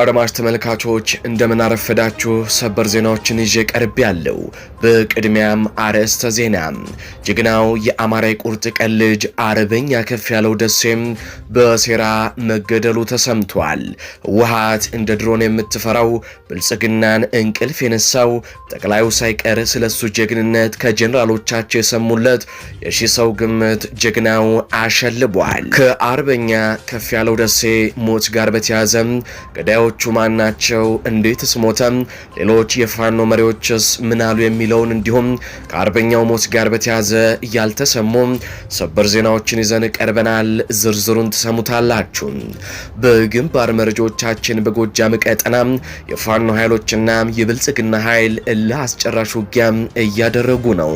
አድማጭ ተመልካቾች እንደምን አረፈዳችሁ። ሰበር ዜናዎችን ይዤ ቀርብ ያለው። በቅድሚያም አርዕስተ ዜና፣ ጀግናው የአማራ የቁርጥ ቀን ልጅ አርበኛ ያለው ደሴም በሴራ መገደሉ ተሰምቷል። ህወሓት እንደ ድሮን የምትፈራው ብልጽግናን እንቅልፍ የነሳው ጠቅላዩ ሳይቀር ስለሱ ጀግንነት ከጀኔራሎቻቸው የሰሙለት የሺ ሰው ግምት ጀግናው አሸልቧል። ከአርበኛ ከፍ ያለው ደሴ ሞት ጋር በተያዘም ገዳዮ ተዋጊዎቹ ማን ናቸው? እንዴትስ ሞተ? ሌሎች የፋኖ መሪዎችስ ምናሉ? የሚለውን እንዲሁም ከአርበኛው ሞት ጋር በተያዘ ያልተሰሙ ሰበር ዜናዎችን ይዘን ቀርበናል። ዝርዝሩን ትሰሙታላችሁ። በግንባር መረጃዎቻችን በጎጃም ቀጠና የፋኖ ኃይሎችና የብልጽግና ኃይል ለአስጨራሽ ውጊያ እያደረጉ ነው።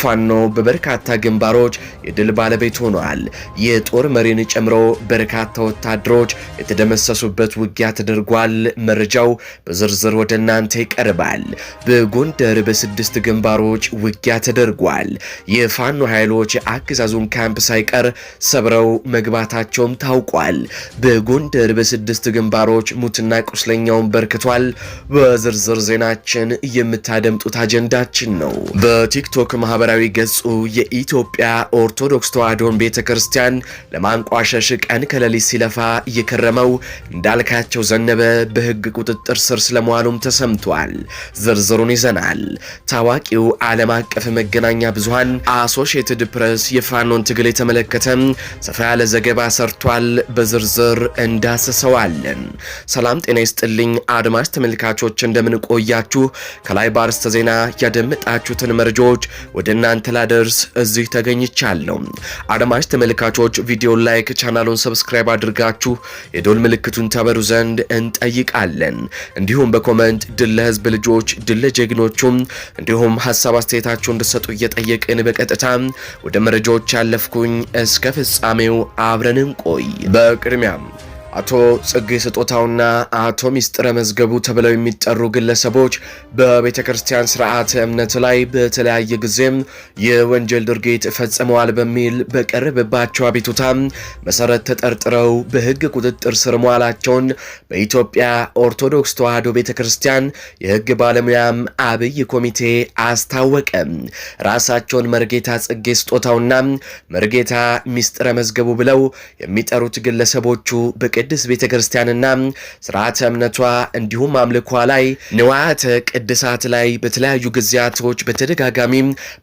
ፋኖ በበርካታ ግንባሮች የድል ባለቤት ሆኗል። የጦር መሪን ጨምሮ በርካታ ወታደሮች የተደመሰሱበት ውጊያ ተደርጓል። ተደርጓል። መረጃው በዝርዝር ወደ እናንተ ይቀርባል። በጎንደር በስድስት ግንባሮች ውጊያ ተደርጓል። የፋኖ ኃይሎች የአገዛዙን ካምፕ ሳይቀር ሰብረው መግባታቸውም ታውቋል። በጎንደር በስድስት ግንባሮች ሙትና ቁስለኛውን በርክቷል። በዝርዝር ዜናችን የምታደምጡት አጀንዳችን ነው። በቲክቶክ ማህበራዊ ገጹ የኢትዮጵያ ኦርቶዶክስ ተዋሕዶን ቤተ ክርስቲያን ለማንቋሸሽ ቀን ከሌሊት ሲለፋ እየከረመው እንዳልካቸው ዘነበ ታዘበ በህግ ቁጥጥር ስር ስለመዋሉም ተሰምቷል። ዝርዝሩን ይዘናል። ታዋቂው ዓለም አቀፍ መገናኛ ብዙሃን አሶሽየትድ ፕሬስ የፋኖን ትግል የተመለከተ ሰፋ ያለ ዘገባ ሰርቷል። በዝርዝር እንዳስሰዋለን። ሰላም ጤና ይስጥልኝ አድማጭ ተመልካቾች፣ እንደምንቆያችሁ ከላይ ባርስተ ዜና ያደመጣችሁትን መረጃዎች ወደ እናንተ ላደርስ እዚህ ተገኝቻለሁ። አድማጭ ተመልካቾች ቪዲዮ ላይክ፣ ቻናሉን ሰብስክራይብ አድርጋችሁ የዶል ምልክቱን ታበሩ ዘንድ እንጠይቃለን። እንዲሁም በኮመንት ድል ለህዝብ ልጆች፣ ድል ለጀግኖቹም እንዲሁም ሀሳብ አስተያየታችሁ እንድሰጡ እየጠየቅን በቀጥታ ወደ መረጃዎች ያለፍኩኝ፣ እስከ ፍጻሜው አብረን እንቆይ። በቅድሚያም አቶ ጽጌ ስጦታውና አቶ ሚስጥረ መዝገቡ ተብለው የሚጠሩ ግለሰቦች በቤተ ክርስቲያን ስርዓተ እምነት ላይ በተለያየ ጊዜም የወንጀል ድርጊት ፈጽመዋል በሚል በቀረበባቸው አቤቱታ መሰረት ተጠርጥረው በህግ ቁጥጥር ስር መዋላቸውን በኢትዮጵያ ኦርቶዶክስ ተዋህዶ ቤተ ክርስቲያን የህግ ባለሙያም አብይ ኮሚቴ አስታወቀ። ራሳቸውን መርጌታ ጽጌ ስጦታውና መርጌታ ሚስጥረ መዝገቡ ብለው የሚጠሩት ግለሰቦቹ በቀ ቅድስት ቤተ ክርስቲያንና ስርዓተ እምነቷ እንዲሁም አምልኳ ላይ ንዋያተ ቅድሳት ላይ በተለያዩ ጊዜያቶች በተደጋጋሚ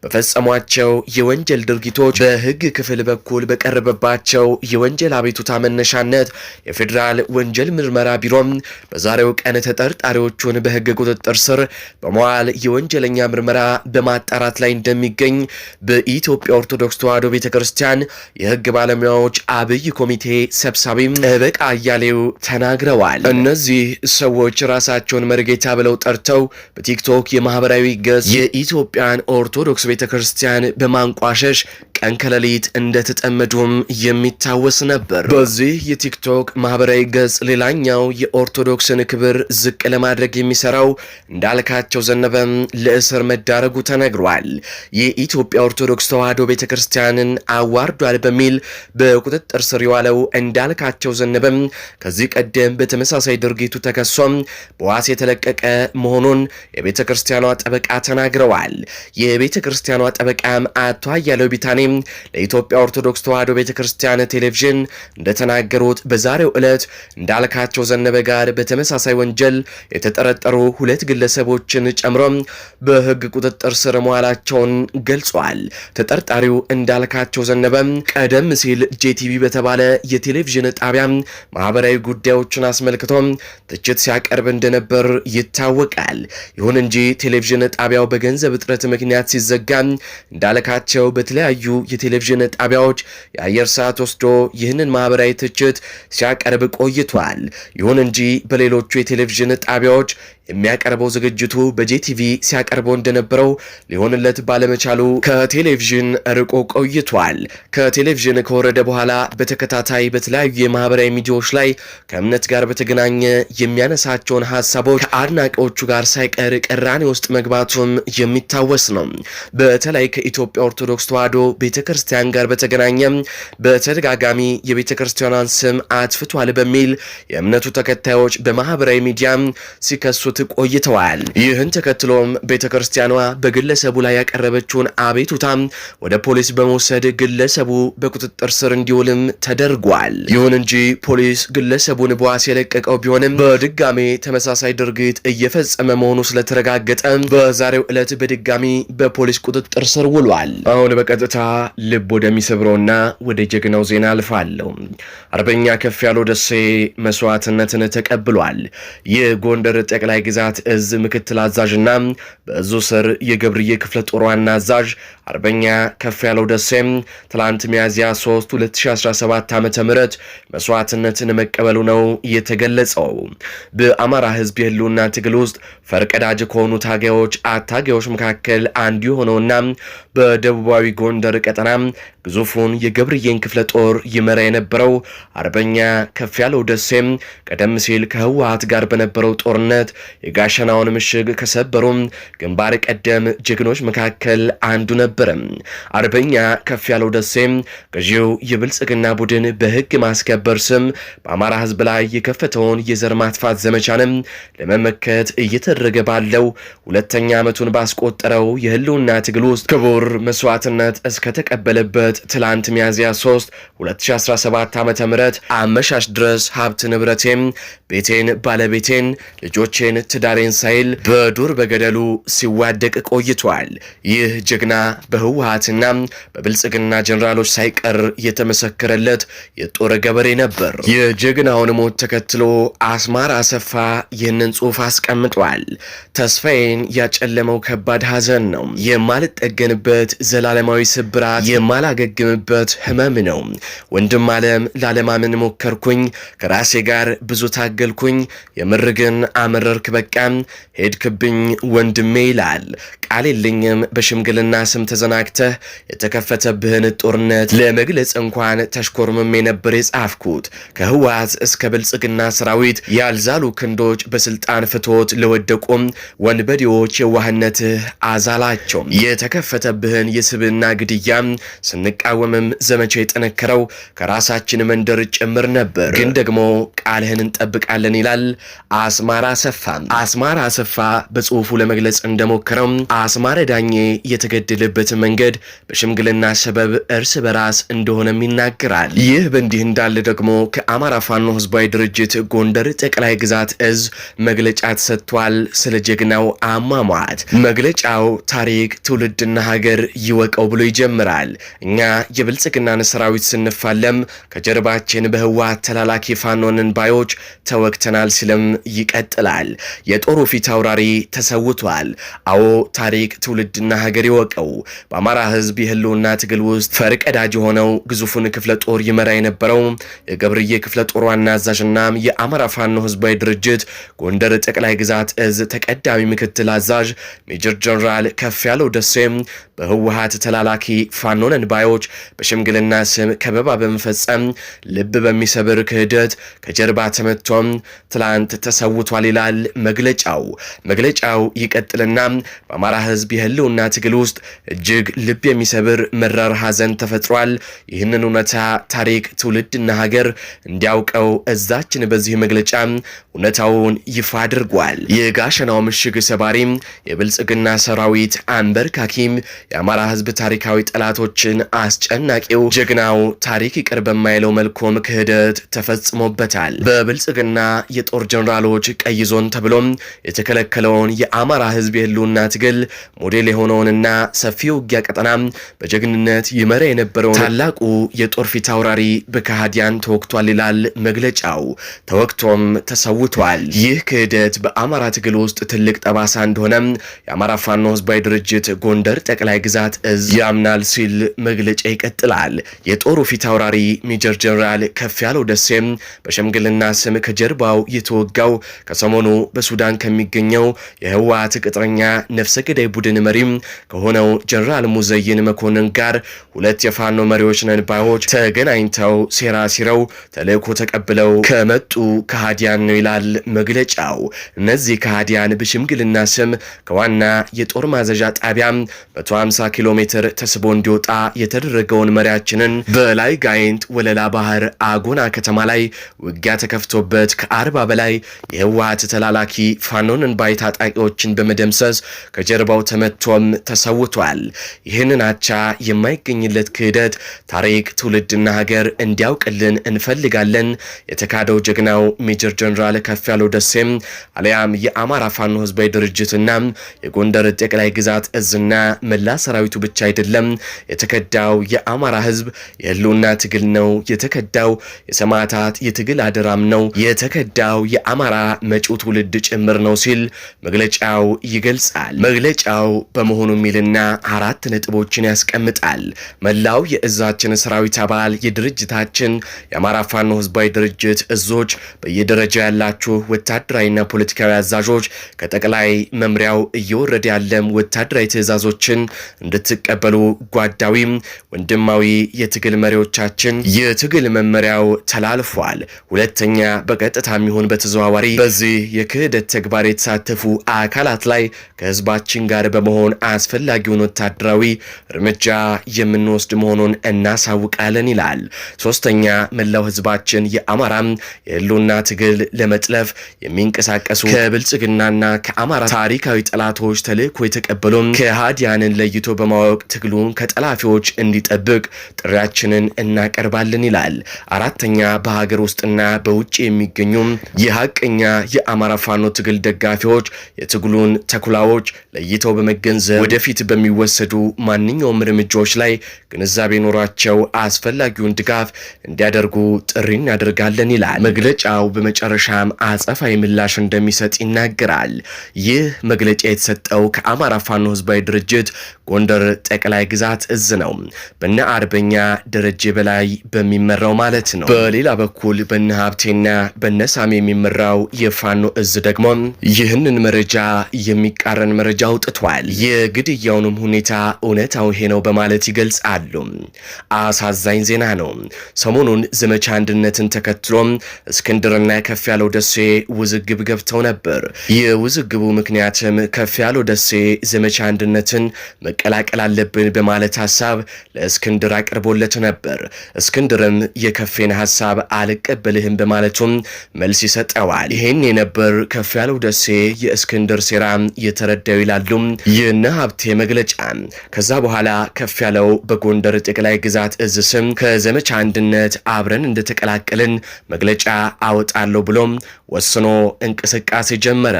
በፈጸሟቸው የወንጀል ድርጊቶች በህግ ክፍል በኩል በቀረበባቸው የወንጀል አቤቱታ መነሻነት የፌዴራል ወንጀል ምርመራ ቢሮም በዛሬው ቀን ተጠርጣሪዎቹን በህግ ቁጥጥር ስር በመዋል የወንጀለኛ ምርመራ በማጣራት ላይ እንደሚገኝ በኢትዮጵያ ኦርቶዶክስ ተዋሕዶ ቤተ ክርስቲያን የህግ ባለሙያዎች አብይ ኮሚቴ ሰብሳቢ ጠበቃ አያሌው ተናግረዋል። እነዚህ ሰዎች ራሳቸውን መርጌታ ብለው ጠርተው በቲክቶክ የማህበራዊ ገጽ የኢትዮጵያን ኦርቶዶክስ ቤተ ክርስቲያን በማንቋሸሽ ቀን ከሌሊት እንደተጠመዱም የሚታወስ ነበር። በዚህ የቲክቶክ ማህበራዊ ገጽ ሌላኛው የኦርቶዶክስን ክብር ዝቅ ለማድረግ የሚሰራው እንዳልካቸው ዘነበም ለእስር መዳረጉ ተነግሯል። የኢትዮጵያ ኦርቶዶክስ ተዋሕዶ ቤተ ክርስቲያንን አዋርዷል በሚል በቁጥጥር ስር የዋለው እንዳልካቸው ዘነበም ከዚህ ቀደም በተመሳሳይ ድርጊቱ ተከሶም በዋስ የተለቀቀ መሆኑን የቤተ ክርስቲያኗ ጠበቃ ተናግረዋል። የቤተ ክርስቲያኗ ጠበቃም አቶ አያሌው ቢታኔም ለኢትዮጵያ ኦርቶዶክስ ተዋሕዶ ቤተ ክርስቲያን ቴሌቪዥን እንደተናገሩት በዛሬው ዕለት እንዳልካቸው ዘነበ ጋር በተመሳሳይ ወንጀል የተጠረጠሩ ሁለት ግለሰቦችን ጨምሮ በሕግ ቁጥጥር ስር መዋላቸውን ገልጿል። ተጠርጣሪው እንዳልካቸው ዘነበ ቀደም ሲል ጄቲቪ በተባለ የቴሌቪዥን ጣቢያ ማህበራዊ ጉዳዮችን አስመልክቶም ትችት ሲያቀርብ እንደነበር ይታወቃል። ይሁን እንጂ ቴሌቪዥን ጣቢያው በገንዘብ እጥረት ምክንያት ሲዘጋ እንዳለካቸው በተለያዩ የቴሌቪዥን ጣቢያዎች የአየር ሰዓት ወስዶ ይህንን ማህበራዊ ትችት ሲያቀርብ ቆይቷል። ይሁን እንጂ በሌሎቹ የቴሌቪዥን ጣቢያዎች የሚያቀርበው ዝግጅቱ በጄቲቪ ሲያቀርበው እንደነበረው ሊሆንለት ባለመቻሉ ከቴሌቪዥን ርቆ ቆይቷል። ከቴሌቪዥን ከወረደ በኋላ በተከታታይ በተለያዩ የማህበራዊ ሚዲያዎች ላይ ከእምነት ጋር በተገናኘ የሚያነሳቸውን ሀሳቦች ከአድናቂዎቹ ጋር ሳይቀር ቅራኔ ውስጥ መግባቱም የሚታወስ ነው። በተለይ ከኢትዮጵያ ኦርቶዶክስ ተዋሕዶ ቤተ ክርስቲያን ጋር በተገናኘ በተደጋጋሚ የቤተ ክርስቲያኗን ስም አጥፍቷል በሚል የእምነቱ ተከታዮች በማህበራዊ ሚዲያ ሲከሱት ሲያደርጉት ቆይተዋል። ይህን ተከትሎም ቤተ ክርስቲያኗ በግለሰቡ ላይ ያቀረበችውን አቤቱታም ወደ ፖሊስ በመውሰድ ግለሰቡ በቁጥጥር ስር እንዲውልም ተደርጓል። ይሁን እንጂ ፖሊስ ግለሰቡን በዋስ የለቀቀው ቢሆንም በድጋሜ ተመሳሳይ ድርጊት እየፈጸመ መሆኑ ስለተረጋገጠ በዛሬው ዕለት በድጋሚ በፖሊስ ቁጥጥር ስር ውሏል። አሁን በቀጥታ ልብ ወደሚሰብረውና ወደ ጀግናው ዜና አልፋለሁ። አርበኛ ከፍ ያለው ደሴ መስዋዕትነትን ተቀብሏል። የጎንደር ጠቅላይ ግዛት እዝ ምክትል አዛዥና በእዙ ስር የገብርዬ ክፍለ ጦር ዋና አዛዥ አርበኛ ከፍ ያለው ደሴም ትላንት ሚያዝያ 3 2017 ዓ ም መስዋዕትነትን መቀበሉ ነው የተገለጸው። በአማራ ህዝብ የህልውና ትግል ውስጥ ፈርቀዳጅ ከሆኑ ታጋዮች አታጋዮች መካከል አንዱ የሆነውና በደቡባዊ ጎንደር ቀጠና ግዙፉን የገብርዬን ክፍለ ጦር ይመራ የነበረው አርበኛ ከፍ ያለው ደሴም ቀደም ሲል ከህወሀት ጋር በነበረው ጦርነት የጋሸናውን ምሽግ ከሰበሩም ግንባር ቀደም ጀግኖች መካከል አንዱ ነበረ። አርበኛ ከፍ ያለው ደሴም ገዢው የብልጽግና ቡድን በህግ ማስከበር ስም በአማራ ህዝብ ላይ የከፈተውን የዘር ማጥፋት ዘመቻንም ለመመከት እየተደረገ ባለው ሁለተኛ ዓመቱን ባስቆጠረው የህልውና ትግል ውስጥ ክቡር መስዋዕትነት እስከተቀበለበት ትላንት ሚያዝያ 3 2017 ዓ ም አመሻሽ ድረስ ሀብት ንብረቴም፣ ቤቴን፣ ባለቤቴን፣ ልጆቼን ትዳሬን ሳይል በዱር በገደሉ ሲዋደቅ ቆይቷል። ይህ ጀግና በህወሀትና በብልጽግና ጀኔራሎች ሳይቀር የተመሰከረለት የጦር ገበሬ ነበር። የጀግናውን ሞት ተከትሎ አስማር አሰፋ ይህንን ጽሑፍ አስቀምጧል። ተስፋዬን ያጨለመው ከባድ ሀዘን ነው። የማልጠገንበት ዘላለማዊ ስብራት፣ የማላገግምበት ህመም ነው። ወንድም አለም ላለማመን ሞከርኩኝ፣ ከራሴ ጋር ብዙ ታገልኩኝ፣ የምር ግን አመረርክ በቃ ሄድክብኝ ወንድሜ ይላል። ቃል የለኝም በሽምግልና ስም ተዘናግተህ የተከፈተብህን ጦርነት ለመግለጽ እንኳን ተሽኮርምም የነበር የጻፍኩት ከህወሓት እስከ ብልጽግና ሰራዊት ያልዛሉ ክንዶች በስልጣን ፍቶት ለወደቁም ወንበዴዎች የዋህነትህ አዛላቸው። የተከፈተብህን የስብና ግድያም ስንቃወምም ዘመቻ የጠነከረው ከራሳችን መንደር ጭምር ነበር። ግን ደግሞ ቃልህን እንጠብቃለን ይላል አስማራ ሰፋ። አስማር አሰፋ በጽሁፉ ለመግለጽ እንደሞከረው አስማረ ዳኜ የተገደለበት መንገድ በሽምግልና ሰበብ እርስ በራስ እንደሆነም ይናገራል። ይህ በእንዲህ እንዳለ ደግሞ ከአማራ ፋኖ ህዝባዊ ድርጅት ጎንደር ጠቅላይ ግዛት እዝ መግለጫ ተሰጥቷል። ስለ ጀግናው አሟሟት መግለጫው ታሪክ ትውልድና ሀገር ይወቀው ብሎ ይጀምራል። እኛ የብልጽግናን ሰራዊት ስንፋለም ከጀርባችን በህወሓት ተላላኪ ፋኖንን ባዮች ተወግተናል ሲልም ይቀጥላል። የጦሩ ፊት አውራሪ ተሰውቷል። አዎ ታሪክ ትውልድና ሀገር ይወቀው። በአማራ ህዝብ የህልውና ትግል ውስጥ ፈርቀዳጅ የሆነው ግዙፉን ክፍለ ጦር ይመራ የነበረው የገብርዬ ክፍለ ጦር ዋና አዛዥና የአማራ ፋኖ ህዝባዊ ድርጅት ጎንደር ጠቅላይ ግዛት እዝ ተቀዳሚ ምክትል አዛዥ ሜጀር ጀኔራል ከፍ ያለው ደሴም በህወሀት ተላላኪ ፋኖነን ባዮች በሽምግልና ስም ከበባ በመፈጸም ልብ በሚሰብር ክህደት ከጀርባ ተመቶም ትላንት ተሰውቷል ይላል መግለጫው። መግለጫው ይቀጥልና በአማራ ህዝብ የህልውና ትግል ውስጥ እጅግ ልብ የሚሰብር መራር ሀዘን ተፈጥሯል። ይህንን እውነታ ታሪክ፣ ትውልድና ሀገር እንዲያውቀው እዛችን በዚህ መግለጫ እውነታውን ይፋ አድርጓል። የጋሸናው ምሽግ ሰባሪም የብልጽግና ሰራዊት አንበርካኪም የአማራ ህዝብ ታሪካዊ ጠላቶችን አስጨናቂው ጀግናው ታሪክ ይቅር በማይለው መልኩም ክህደት ተፈጽሞበታል። በብልጽግና የጦር ጀኔራሎች ቀይ ዞን ተብሎም የተከለከለውን የአማራ ህዝብ የህልውና ትግል ሞዴል የሆነውንና ሰፊ ውጊያ ቀጠና በጀግንነት ይመራ የነበረውን ታላቁ የጦር ፊት አውራሪ በካሃዲያን ተወቅቷል ይላል መግለጫው። ተወቅቶም ተሰውቷል። ይህ ክህደት በአማራ ትግል ውስጥ ትልቅ ጠባሳ እንደሆነ የአማራ ፋኖ ህዝባዊ ድርጅት ጎንደር ጠቅላይ ጠቅላይ ግዛት እዝ ያምናል ሲል መግለጫ ይቀጥላል። የጦሩ ፊት አውራሪ ሜጀር ጀነራል ከፍ ያለው ደሴም በሽምግልና ስም ከጀርባው የተወጋው ከሰሞኑ በሱዳን ከሚገኘው የህወሓት ቅጥረኛ ነፍሰ ገዳይ ቡድን መሪም ከሆነው ጀነራል ሙዘይን መኮንን ጋር ሁለት የፋኖ መሪዎች ነን ባዮች ተገናኝተው ሴራ ሲረው ተልእኮ ተቀብለው ከመጡ ከሃዲያን ነው ይላል መግለጫው። እነዚህ ከሃዲያን በሽምግልና ስም ከዋና የጦር ማዘዣ ጣቢያ 50 ኪሎ ሜትር ተስቦ እንዲወጣ የተደረገውን መሪያችንን በላይ ጋይንት ወለላ ባህር አጎና ከተማ ላይ ውጊያ ተከፍቶበት ከአርባ በላይ የህወሀት ተላላኪ ፋኖንን ባይ ታጣቂዎችን በመደምሰስ ከጀርባው ተመቶም ተሰውቷል። ይህንን አቻ የማይገኝለት ክህደት ታሪክ ትውልድና ሀገር እንዲያውቅልን እንፈልጋለን። የተካደው ጀግናው ሜጀር ጀነራል ያለው ደሴም አሊያም የአማራ ፋኖ ህዝባዊ ድርጅትና የጎንደር ጠቅላይ ግዛት እዝና መላ ሰራዊቱ ብቻ አይደለም የተከዳው፣ የአማራ ህዝብ የህልውና ትግል ነው የተከዳው፣ የሰማዕታት የትግል አደራም ነው የተከዳው፣ የአማራ መጪው ትውልድ ጭምር ነው ሲል መግለጫው ይገልጻል። መግለጫው በመሆኑ የሚልና አራት ነጥቦችን ያስቀምጣል። መላው የእዛችን ሰራዊት አባል የድርጅታችን የአማራ ፋኖ ህዝባዊ ድርጅት እዞች በየደረጃ ያላችሁ ወታደራዊና ፖለቲካዊ አዛዦች ከጠቅላይ መምሪያው እየወረደ ያለም ወታደራዊ ትእዛዞችን እንድትቀበሉ ጓዳዊም ወንድማዊ የትግል መሪዎቻችን የትግል መመሪያው ተላልፏል። ሁለተኛ በቀጥታ የሚሆን በተዘዋዋሪ በዚህ የክህደት ተግባር የተሳተፉ አካላት ላይ ከህዝባችን ጋር በመሆን አስፈላጊውን ወታደራዊ እርምጃ የምንወስድ መሆኑን እናሳውቃለን ይላል። ሶስተኛ መላው ህዝባችን የአማራም የህልውና ትግል ለመጥለፍ የሚንቀሳቀሱ ከብልጽግናና ከአማራ ታሪካዊ ጠላቶች ተልእኮ የተቀበሉም ከሃዲያንን ለይ ለይቶ በማወቅ ትግሉን ከጠላፊዎች እንዲጠብቅ ጥሪያችንን እናቀርባለን ይላል። አራተኛ በሀገር ውስጥና በውጭ የሚገኙ የሀቀኛ የአማራ ፋኖ ትግል ደጋፊዎች የትግሉን ተኩላዎች ለይተው በመገንዘብ ወደፊት በሚወሰዱ ማንኛውም እርምጃዎች ላይ ግንዛቤ ኖሯቸው አስፈላጊውን ድጋፍ እንዲያደርጉ ጥሪ እናደርጋለን ይላል መግለጫው። በመጨረሻም አጸፋዊ ምላሽ እንደሚሰጥ ይናገራል። ይህ መግለጫ የተሰጠው ከአማራ ፋኖ ህዝባዊ ድርጅት ጎንደር ጠቅላይ ግዛት እዝ ነው በነ አርበኛ ደረጀ በላይ በሚመራው ማለት ነው። በሌላ በኩል በነ ሀብቴና በነ ሳሚ የሚመራው የፋኖ እዝ ደግሞ ይህንን መረጃ የሚቃረን መረጃ አውጥቷል። የግድያውንም ሁኔታ እውነታው ይሄ ነው በማለት ይገልጻሉ። አሳዛኝ ዜና ነው። ሰሞኑን ዘመቻ አንድነትን ተከትሎ እስክንድርና ከፍ ያለው ደሴ ውዝግብ ገብተው ነበር። የውዝግቡ ምክንያትም ከፍ ያለው ደሴ ዘመቻ አንድነትን መቀላቀል አለብን በማለት ሀሳብ ለእስክንድር አቅርቦለት ነበር። እስክንድርም የከፌን ሀሳብ አልቀበልህም በማለቱም መልስ ይሰጠዋል። ይህን የነበር ከፍ ያለው ደሴ የእስክንድር ሴራ የተረዳው ይላሉ ይህነ ሀብቴ መግለጫ። ከዛ በኋላ ከፍ ያለው በጎንደር ጠቅላይ ግዛት እዝ ስም ከዘመቻ አንድነት አብረን እንደተቀላቀልን መግለጫ አወጣለሁ ብሎም ወስኖ እንቅስቃሴ ጀመረ።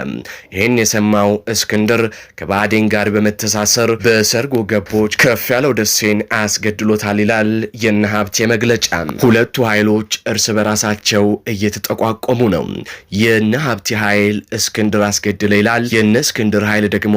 ይህን የሰማው እስክንድር ከባዴን ጋር በመተሳሰር በ የሰርጎ ገቦች ከፍ ያለው ደሴን አስገድሎታል ይላል የነ ሀብቴ መግለጫ። ሁለቱ ኃይሎች እርስ በራሳቸው እየተጠቋቆሙ ነው። የነ ሀብቴ ኃይል እስክንድር አስገድለ ይላል፣ የነ እስክንድር ኃይል ደግሞ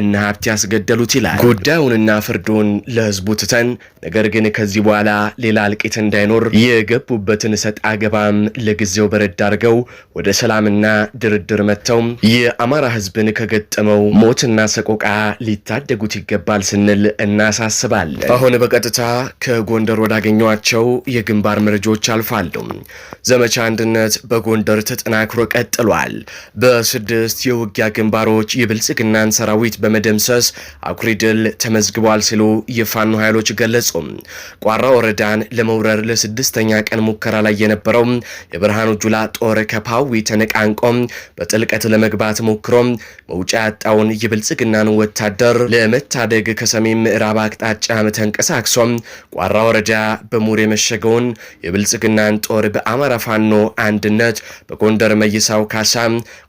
እነ ሀብቴ ያስገደሉት ይላል። ጉዳዩንና ፍርዱን ለህዝቡ ትተን፣ ነገር ግን ከዚህ በኋላ ሌላ እልቂት እንዳይኖር የገቡበትን እሰጥ አገባም ለጊዜው በረድ አድርገው ወደ ሰላምና ድርድር መጥተው የአማራ ህዝብን ከገጠመው ሞትና ሰቆቃ ሊታደጉት ይገባል ይገባል ስንል እናሳስባለን። አሁን በቀጥታ ከጎንደር ወዳገኟቸው የግንባር መረጃዎች አልፋሉ። ዘመቻ አንድነት በጎንደር ተጠናክሮ ቀጥሏል። በስድስት የውጊያ ግንባሮች የብልጽግናን ሰራዊት በመደምሰስ አኩሪ ድል ተመዝግቧል ሲሉ የፋኖ ኃይሎች ገለጹ። ቋራ ወረዳን ለመውረር ለስድስተኛ ቀን ሙከራ ላይ የነበረው የብርሃኑ ጁላ ጦር ከፓዊ ተነቃንቆም በጥልቀት ለመግባት ሞክሮም መውጫ ያጣውን የብልጽግናን ወታደር ለመታደ ኢህአዴግ ከሰሜን ምዕራብ አቅጣጫ ተንቀሳቅሶም ቋራ ወረዳ በሙር የመሸገውን የብልጽግናን ጦር በአማራ ፋኖ አንድነት በጎንደር መይሳው ካሳ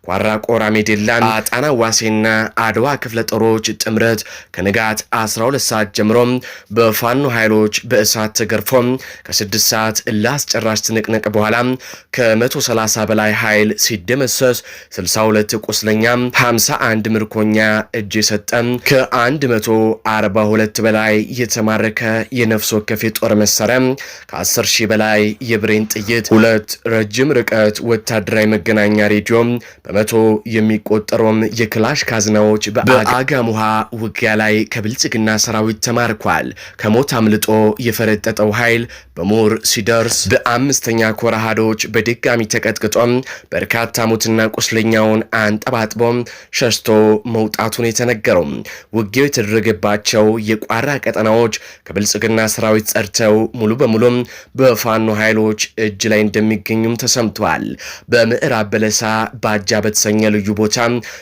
ቋራ ቆራ ሜዴላን አጣና ዋሴና አድዋ ክፍለ ጦሮች ጥምረት ከንጋት 12 ሰዓት ጀምሮ በፋኖ ኃይሎች በእሳት ተገርፎ ከ6 ሰዓት ላስጨራሽ ትንቅንቅ በኋላ ከ130 በላይ ኃይል ሲደመሰስ 62 ቁስለኛ፣ 51 ምርኮኛ እጅ የሰጠ ከ142 በላይ የተማረከ የነፍስ ወከፍ ጦር መሳሪያ ከ10 ሺህ በላይ የብሬን ጥይት ሁለት ረጅም ርቀት ወታደራዊ መገናኛ ሬዲዮ በመቶ የሚቆጠሩም የክላሽ ካዝናዎች በአጋም ውሃ ውጊያ ላይ ከብልጽግና ሰራዊት ተማርኳል። ከሞት አምልጦ የፈረጠጠው ኃይል በሞር ሲደርስ በአምስተኛ ኮራሃዶች በድጋሚ ተቀጥቅጦም በርካታ ሞትና ቁስለኛውን አንጠባጥቦም ሸሽቶ መውጣቱን የተነገረው ውጊያው የተደረገባቸው የቋራ ቀጠናዎች ከብልጽግና ሰራዊት ጸድተው ሙሉ በሙሉም በፋኖ ኃይሎች እጅ ላይ እንደሚገኙም ተሰምቷል። በምዕራብ በለሳ ባጃ በተሰኘ ልዩ ቦታ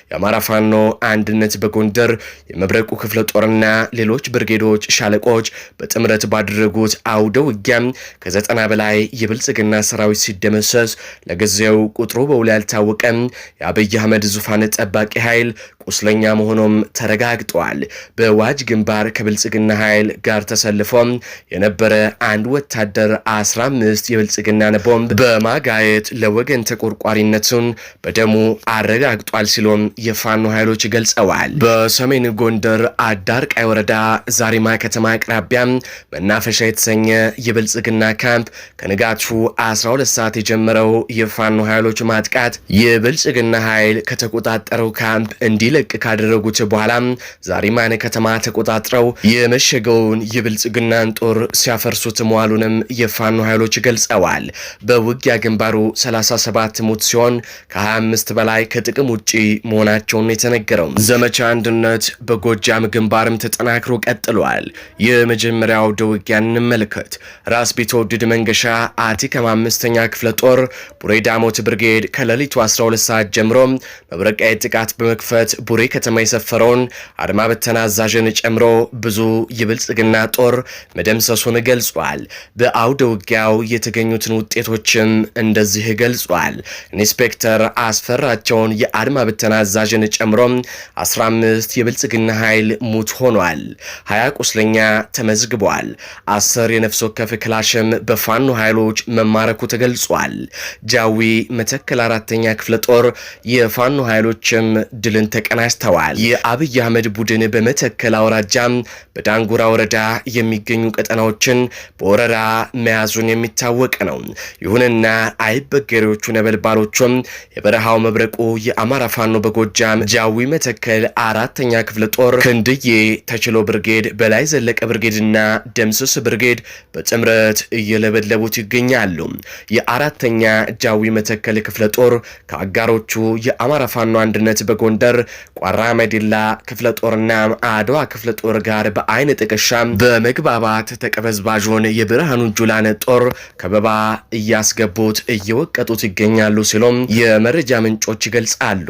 የአማራ ፋኖ አንድነት በጎንደር የመብረቁ ክፍለ ጦርና ሌሎች ብርጌዶች፣ ሻለቆች በጥምረት ባደረጉት አውደ ውጊያም ከዘጠና በላይ የብልጽግና ሰራዊት ሲደመሰስ ለጊዜው ቁጥሩ በውል ያልታወቀም የአብይ አህመድ ዙፋን ጠባቂ ኃይል ቁስለኛ መሆኑም ተረጋግጧል። በዋጅ ግንባር ከብልጽግና ኃይል ጋር ተሰልፎም የነበረ አንድ ወታደር 15 የብልጽግናን ቦምብ በማጋየት ለወገን ተቆርቋሪነቱን በደሙ አረጋግጧል ሲሎም የፋኖ ኃይሎች ገልጸዋል። በሰሜን ጎንደር አዳርቃይ ወረዳ ዛሪማ ከተማ አቅራቢያ መናፈሻ የተሰኘ የብልጽግና ካምፕ ከንጋቱ 12 ሰዓት የጀመረው የፋኖ ኃይሎች ማጥቃት የብልጽግና ኃይል ከተቆጣጠረው ካምፕ እንዲ እንዲለቅ ካደረጉት በኋላ ዛሪማን ከተማ ተቆጣጥረው የመሸገውን የብልጽግናን ጦር ሲያፈርሱት መዋሉንም የፋኖ ኃይሎች ገልጸዋል። በውጊያ ግንባሩ 37 ሙት ሲሆን ከ25 በላይ ከጥቅም ውጪ መሆናቸውን የተነገረው ዘመቻ አንድነት በጎጃም ግንባርም ተጠናክሮ ቀጥሏል። የመጀመሪያው ደውጊያ እንመልከት። ራስ ቢትወደድ መንገሻ አቲከም አምስተኛ ክፍለ ጦር ቡሬ ዳሞት ብርጌድ ከሌሊቱ 12 ሰዓት ጀምሮ መብረቃዊ ጥቃት በመክፈት ቡሬ ከተማ የሰፈረውን አድማ ብተና አዛዥን ጨምሮ ብዙ የብልጽግና ጦር መደምሰሱን ገልጿል። በአውደ ውጊያው የተገኙትን ውጤቶችም እንደዚህ ገልጿል። ኢንስፔክተር አስፈራቸውን የአድማ ብተና አዛዥን ጨምሮ 15 የብልጽግና ኃይል ሙት ሆኗል። ሀያ ቁስለኛ ተመዝግቧል። አስር የነፍስ ወከፍ ክላሽም በፋኖ ኃይሎች መማረኩ ተገልጿል። ጃዊ መተከል አራተኛ ክፍለ ጦር የፋኖ ኃይሎችም ድልን ተቀ ተቀናጅተዋል። የአብይ አህመድ ቡድን በመተከል አውራጃ በዳንጉራ ወረዳ የሚገኙ ቀጠናዎችን በወረራ መያዙን የሚታወቅ ነው። ይሁንና አይበገሬዎቹ ነበልባሎቹም የበረሃው መብረቁ የአማራ ፋኖ በጎጃም ጃዊ መተከል አራተኛ ክፍለ ጦር ክንድዬ ተችሎ ብርጌድ፣ በላይ ዘለቀ ብርጌድና ደምስስ ብርጌድ በጥምረት እየለበለቡት ይገኛሉ። የአራተኛ ጃዊ መተከል ክፍለ ጦር ከአጋሮቹ የአማራ ፋኖ አንድነት በጎንደር ቋራ መዲላ ክፍለ ጦርና አድዋ ክፍለ ጦር ጋር በአይን ጥቅሻ በመግባባት ተቀበዝባዡን የብርሃኑ ጁላነ ጦር ከበባ እያስገቡት እየወቀጡት ይገኛሉ ሲሉም የመረጃ ምንጮች ይገልጻሉ።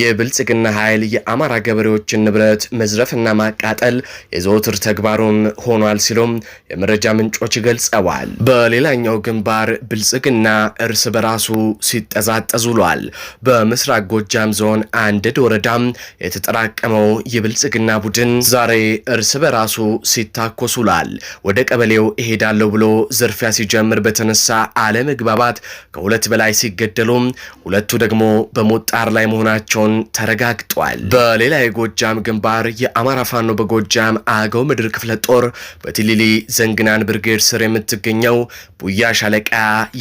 የብልጽግና ኃይል የአማራ ገበሬዎችን ንብረት መዝረፍና ማቃጠል የዘወትር ተግባሩን ሆኗል ሲሉም የመረጃ ምንጮች ይገልጸዋል። በሌላኛው ግንባር ብልጽግና እርስ በራሱ ሲጠዛጠዝ ውሏል። በምስራቅ ጎጃም ዞን አንድድ ወረዳም የተጠራቀመው የብልጽግና ቡድን ዛሬ እርስ በራሱ ሲታኮስ ውሏል። ወደ ቀበሌው እሄዳለሁ ብሎ ዝርፊያ ሲጀምር በተነሳ አለመግባባት ከሁለት በላይ ሲገደሉም ሁለቱ ደግሞ በሞጣር ላይ መሆናቸውን ተረጋግጧል። በሌላ የጎጃም ግንባር የአማራ ፋኖ በጎጃም አገው ምድር ክፍለ ጦር በትሊሊ ዘንግናን ብርጌድ ስር የምትገኘው ቡያ ሻለቃ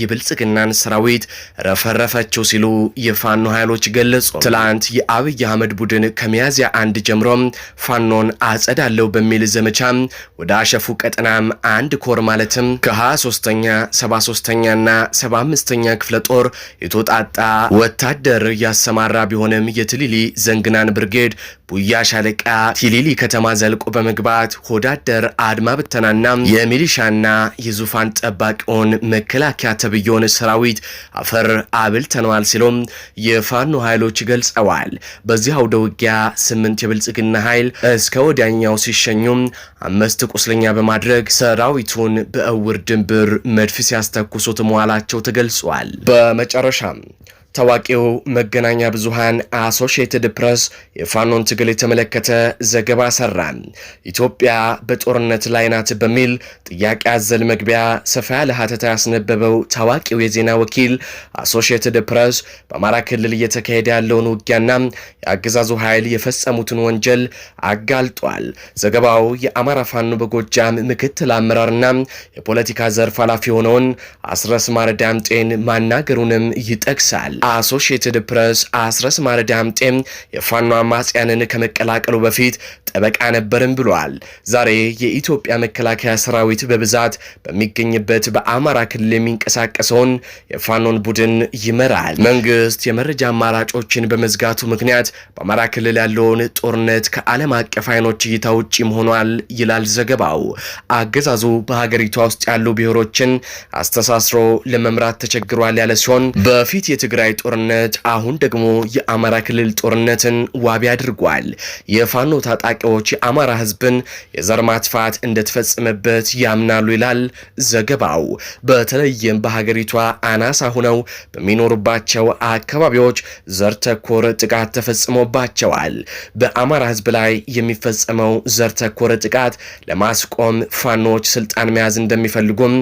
የብልጽግናን ሰራዊት ረፈረፈችው ሲሉ የፋኖ ኃይሎች ገለጹ። ትላንት የአብይ አህመድ ገመድ ቡድን ከሚያዝያ አንድ ጀምሮ ፋኖን አጸዳለው በሚል ዘመቻ ወደ አሸፉ ቀጠናም አንድ ኮር ማለትም ከ23ኛ 73ኛና 75ኛ ክፍለ ጦር የተውጣጣ ወታደር ያሰማራ ቢሆንም የትሊሊ ዘንግናን ብርጌድ ጉያ ሻለቃ ቲሊሊ ከተማ ዘልቆ በመግባት ሆዳደር አድማ ብተናና የሚሊሻና የዙፋን ጠባቂውን መከላከያ ተብዮን ሰራዊት አፈር አብልተነዋል ሲሉም የፋኖ ኃይሎች ገልጸዋል። በዚህ አውደ ውጊያ ስምንት የብልጽግና ኃይል እስከ ወዲያኛው ሲሸኙም አምስት ቁስለኛ በማድረግ ሰራዊቱን በእውር ድንብር መድፍ ሲያስተኩሱት መዋላቸው ተገልጿል። በመጨረሻም ታዋቂው መገናኛ ብዙሃን አሶሺየትድ ፕረስ የፋኖን ትግል የተመለከተ ዘገባ ሰራ። ኢትዮጵያ በጦርነት ላይ ናት በሚል ጥያቄ አዘል መግቢያ ሰፋ ያለ ሀተታ ያስነበበው ታዋቂው የዜና ወኪል አሶሺየትድ ፕረስ በአማራ ክልል እየተካሄደ ያለውን ውጊያና የአገዛዙ ኃይል የፈጸሙትን ወንጀል አጋልጧል። ዘገባው የአማራ ፋኖ በጎጃም ምክትል አመራርና የፖለቲካ ዘርፍ ኃላፊ የሆነውን አስረስ ማረ ዳምጤን ማናገሩንም ይጠቅሳል። አሶሺየትድ ፕሬስ አስረስ ማረ የፋኖ አማጽያንን ከመቀላቀሉ በፊት ጠበቃ ነበርም ብሏል። ዛሬ የኢትዮጵያ መከላከያ ሰራዊት በብዛት በሚገኝበት በአማራ ክልል የሚንቀሳቀሰውን የፋኖን ቡድን ይመራል። መንግስት የመረጃ አማራጮችን በመዝጋቱ ምክንያት በአማራ ክልል ያለውን ጦርነት ከዓለም አቀፍ አይኖች እይታ ውጪ መሆኗል ይላል ዘገባው። አገዛዙ በሀገሪቷ ውስጥ ያሉ ብሔሮችን አስተሳስሮ ለመምራት ተቸግሯል ያለ ሲሆን በፊት የትግራይ የትግራይ ጦርነት አሁን ደግሞ የአማራ ክልል ጦርነትን ዋቢ አድርጓል። የፋኖ ታጣቂዎች የአማራ ህዝብን የዘር ማጥፋት እንደተፈጸመበት ያምናሉ ይላል ዘገባው። በተለይም በሀገሪቷ አናሳ ሁነው በሚኖሩባቸው አካባቢዎች ዘር ተኮር ጥቃት ተፈጽሞባቸዋል። በአማራ ህዝብ ላይ የሚፈጸመው ዘር ተኮር ጥቃት ለማስቆም ፋኖች ስልጣን መያዝ እንደሚፈልጉም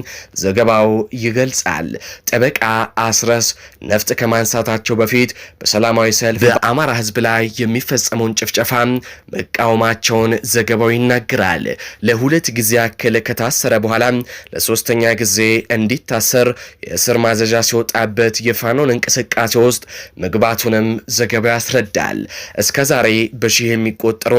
ዘገባው ይገልጻል። ጠበቃ አስረስ ነፍጥ ከማ ከማንሳታቸው በፊት በሰላማዊ ሰልፍ በአማራ ህዝብ ላይ የሚፈጸመውን ጭፍጨፋ መቃወማቸውን ዘገባው ይናገራል። ለሁለት ጊዜ ያክል ከታሰረ በኋላ ለሶስተኛ ጊዜ እንዲታሰር የእስር ማዘዣ ሲወጣበት የፋኖን እንቅስቃሴ ውስጥ መግባቱንም ዘገባው ያስረዳል። እስከ ዛሬ በሺህ የሚቆጠሩ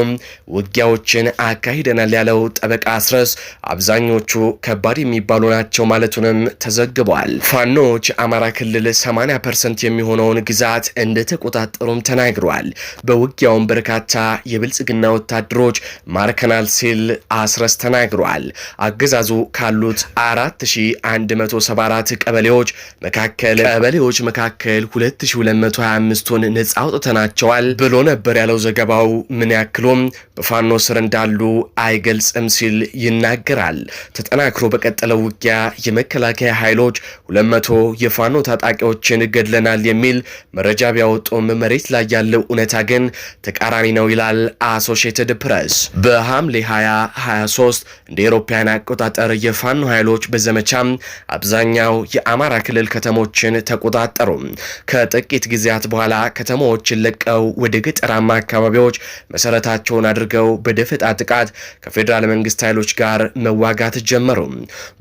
ውጊያዎችን አካሂደናል ያለው ጠበቃ አስረስ አብዛኞቹ ከባድ የሚባሉ ናቸው ማለቱንም ተዘግቧል። ፋኖች አማራ ክልል 80 ፐርሰንት የሚሆነውን ግዛት እንደተቆጣጠሩም ተናግረዋል። በውጊያውም በርካታ የብልጽግና ወታደሮች ማርከናል ሲል አስረስ ተናግረዋል። አገዛዙ ካሉት 4174 ቀበሌዎች መካከል ቀበሌዎች መካከል 2225ቱን ነጻ አውጥተናቸዋል ብሎ ነበር ያለው ዘገባው። ምን ያክሉም በፋኖ ስር እንዳሉ አይገልጽም ሲል ይናገራል። ተጠናክሮ በቀጠለው ውጊያ የመከላከያ ኃይሎች 200 የፋኖ ታጣቂዎችን ገድለናል የሚል መረጃ ቢያወጡም መሬት ላይ ያለው እውነታ ግን ተቃራኒ ነው ይላል አሶሺየትድ ፕሬስ። በሐምሌ 2023 እንደ ኤሮፓያን አቆጣጠር የፋኖ ኃይሎች በዘመቻም አብዛኛው የአማራ ክልል ከተሞችን ተቆጣጠሩ። ከጥቂት ጊዜያት በኋላ ከተሞችን ለቀው ወደ ገጠራማ አካባቢዎች መሰረታቸውን አድርገው በደፈጣ ጥቃት ከፌዴራል መንግስት ኃይሎች ጋር መዋጋት ጀመሩ።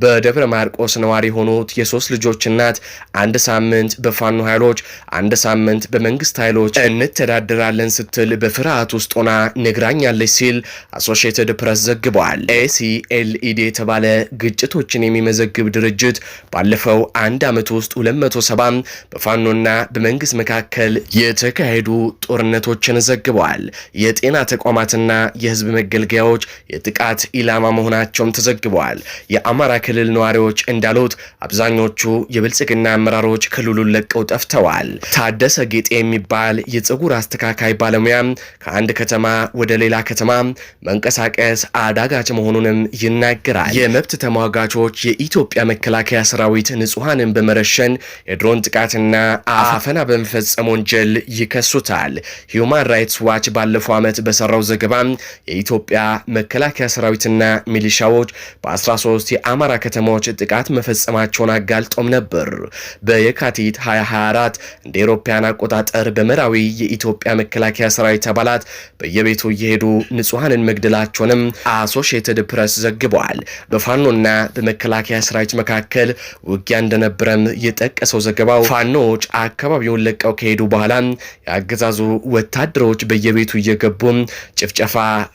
በደብረ ማርቆስ ነዋሪ የሆኑት የሶስት ልጆች እናት አንድ ሳምንት በፋኖ ኃይሎች ተወላጆች አንድ ሳምንት በመንግስት ኃይሎች እንተዳደራለን ስትል በፍርሃት ውስጥ ሆና ነግራኛለች ሲል አሶሺየትድ ፕሬስ ዘግበዋል። ኤሲኤልኢዲ የተባለ ግጭቶችን የሚመዘግብ ድርጅት ባለፈው አንድ ዓመት ውስጥ 270 በፋኖና በመንግስት መካከል የተካሄዱ ጦርነቶችን ዘግበዋል። የጤና ተቋማትና የህዝብ መገልገያዎች የጥቃት ኢላማ መሆናቸውም ተዘግበዋል። የአማራ ክልል ነዋሪዎች እንዳሉት አብዛኞቹ የብልጽግና አመራሮች ክልሉን ለቀው ጠፍተ ተከስተዋል። ታደሰ ጌጤ የሚባል የፀጉር አስተካካይ ባለሙያ ከአንድ ከተማ ወደ ሌላ ከተማ መንቀሳቀስ አዳጋች መሆኑንም ይናገራል። የመብት ተሟጋቾች የኢትዮጵያ መከላከያ ሰራዊት ንጹሐንን በመረሸን የድሮን ጥቃትና አፈና በመፈጸም ወንጀል ይከሱታል። ሂዩማን ራይትስ ዋች ባለፈው ዓመት በሰራው ዘገባ የኢትዮጵያ መከላከያ ሰራዊትና ሚሊሻዎች በ13 የአማራ ከተማዎች ጥቃት መፈጸማቸውን አጋልጦም ነበር። በየካቲት 2024 ሰዓት እንደ ኤሮፓያን አቆጣጠር በመራዊ የኢትዮጵያ መከላከያ ሰራዊት አባላት በየቤቱ እየሄዱ ንጹሐንን መግደላቸውንም አሶሽየትድ ፕረስ ዘግበዋል። በፋኖና በመከላከያ ሰራዊት መካከል ውጊያ እንደነበረም የጠቀሰው ዘገባው ፋኖዎች አካባቢውን ለቀው ከሄዱ በኋላ የአገዛዙ ወታደሮች በየቤቱ እየገቡ ጭፍጨፋ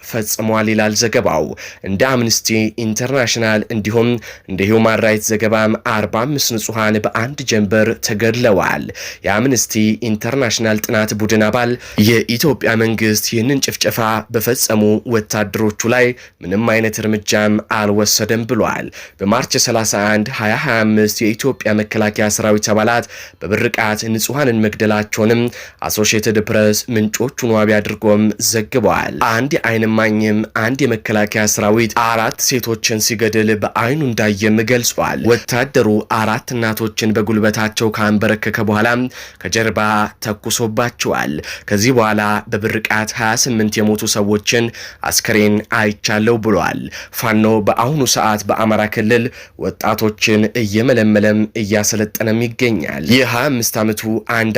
ፈጽሟል ይላል ዘገባው። እንደ አምነስቲ ኢንተርናሽናል እንዲሁም እንደ ሂውማን ራይትስ ዘገባም 45 ንጹሐን በአንድ ጀንበር ተገድለዋል። የአምነስቲ ኢንተርናሽናል ጥናት ቡድን አባል የኢትዮጵያ መንግስት ይህንን ጭፍጨፋ በፈጸሙ ወታደሮቹ ላይ ምንም አይነት እርምጃም አልወሰደም ብሏል። በማርች 31 2025 የኢትዮጵያ መከላከያ ሰራዊት አባላት በብርቃት ንጹሐንን መግደላቸውንም አሶሽየትድ ፕሬስ ምንጮቹን ዋቢ አድርጎም ዘግበዋል። አንድ የአይን ማኝም አንድ የመከላከያ ሰራዊት አራት ሴቶችን ሲገድል በአይኑ እንዳየም ገልጿል። ወታደሩ አራት እናቶችን በጉልበታቸው ካንበረከከ በኋላ በኋላ ከጀርባ ተኩሶባቸዋል። ከዚህ በኋላ በብርቃት 28 የሞቱ ሰዎችን አስከሬን አይቻለው ብሏል። ፋኖ በአሁኑ ሰዓት በአማራ ክልል ወጣቶችን እየመለመለም እያሰለጠነም ይገኛል። የ25 ዓመቱ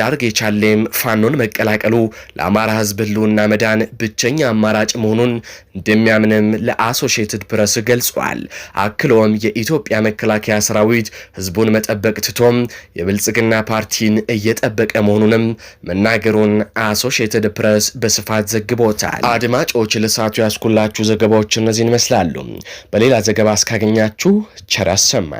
አርግ የቻሌም ፋኖን መቀላቀሉ ለአማራ ህዝብ ህልውና መዳን ብቸኛ አማራጭ መሆኑን እንደሚያምንም ለአሶሺየትድ ፕረስ ገልጿል። አክሎም የኢትዮጵያ መከላከያ ሰራዊት ህዝቡን መጠበቅ ትቶም የብልጽግና ፓርቲን እየጠበቀ መሆኑንም መናገሩን አሶሺየትድ ፕሬስ በስፋት ዘግቦታል። አድማጮች ለሰዓቱ ያስኩላችሁ ዘገባዎች እነዚህን ይመስላሉ። በሌላ ዘገባ እስካገኛችሁ ቸር ያሰማል።